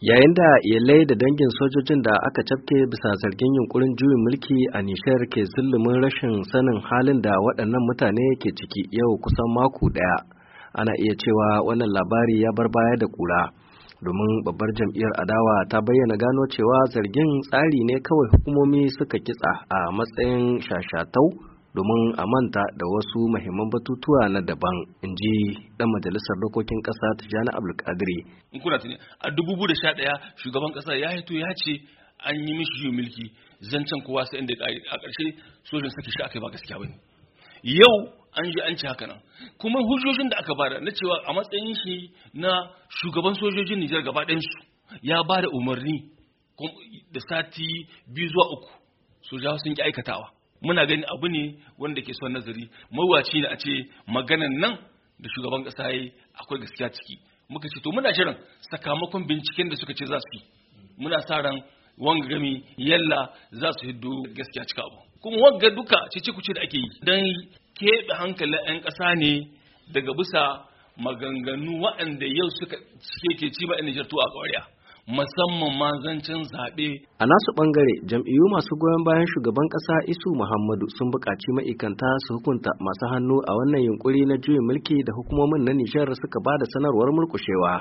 yayin da iyalai da dangin sojojin da aka cafke bisa zargin yunkurin juyin mulki a nishar ke zulumin rashin sanin halin da waɗannan mutane ke ciki yau kusan mako ɗaya ana iya cewa wannan labari ya bar baya da kura domin babbar jam'iyyar adawa ta bayyana gano cewa zargin tsari ne kawai hukumomi suka kitsa a matsayin shashatau domin a manta da wasu mahimman batutuwa na daban in ji dan majalisar dokokin kasa tijjani abdulkadiri in kuna tuni a 2011 shugaban kasa ya hito ya ce an yi mishi yi mulki zancen kowa sai inda a ƙarshe sojin saki shi aka ba gaskiya bane yau an ji an ci haka nan kuma hujjojin da aka bada na cewa a matsayin shi na shugaban sojojin Nijar gaba su ya bada umarni da sati biyu zuwa uku sojawa sun ki aikatawa muna gani abu ne wanda ke son nazari mawaci ne a ce maganan nan da shugaban kasa yi akwai gaskiya ciki muka ce to muna shirin sakamakon binciken da suka ce za su yi muna sa ran wanga gami yalla za su hiddo gaskiya cika abu kuma wanga duka ce cece kuce da ake yi dan keɓe hankalin 'yan ƙasa ne daga bisa maganganu waɗanda yau suka ke ci ba Nijar a ƙwariya. musamman mazancin zaɓe. A nasu ɓangare jam'iyyu masu goyon bayan shugaban ƙasa Isu Muhammadu sun buƙaci ma'aikanta su hukunta masu hannu a wannan yunƙuri na juyin mulki da hukumomin na Nijar suka ba da sanarwar murƙushewa.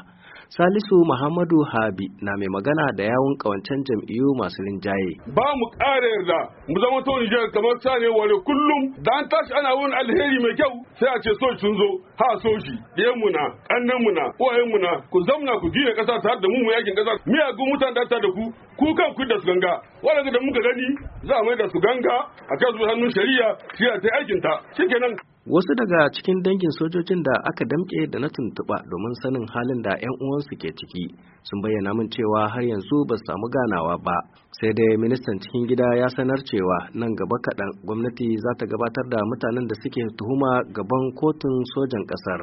Salisu Muhammadu Habi na mai magana da yawun kawancen jam'iyyu masu rinjaye. Ba mu ƙara yarda mu zama to Nijar kamar sane wani kullum da an tashi ana wani alheri mai kyau sai a ce so sun zo ha so shi ɗiyan mu na ƙannan mu na uwayen mu na ku zamna ku gina ƙasa ta da mu mu yakin ƙasa miyagun mutan da ta da ku ku kan ku da su ganga waɗanda da muka gani za a mai da su ganga a kan su hannun shari'a shi ta aikin ta shikenan wasu daga cikin dangin sojojin da aka damƙe da na tuntuɓa domin sanin halin da 'yan uwansu ke ciki sun bayyana min cewa har yanzu ba samu ganawa ba sai dai ministan cikin gida ya sanar cewa nan gaba kaɗan gwamnati za ta gabatar da mutanen da suke tuhuma gaban kotun sojan ƙasar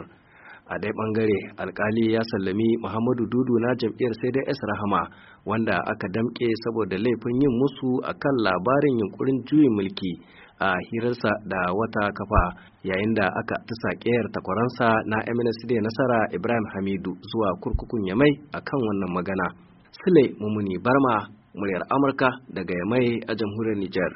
a dai ɓangare alkali ya sallami muhammadu dudu na jam'iyyar sai dai rahama wanda aka damƙe saboda laifin yin musu akan labarin yunkurin juyin mulki a hirarsa da wata kafa yayin da aka tusa ƙeyar takwaransa na MNSD nasara Ibrahim Hamidu zuwa kurkukun Yamai a kan wannan magana. Sule Mumuni Barma, muryar Amurka daga Yamai a jamhuriyar Nijar.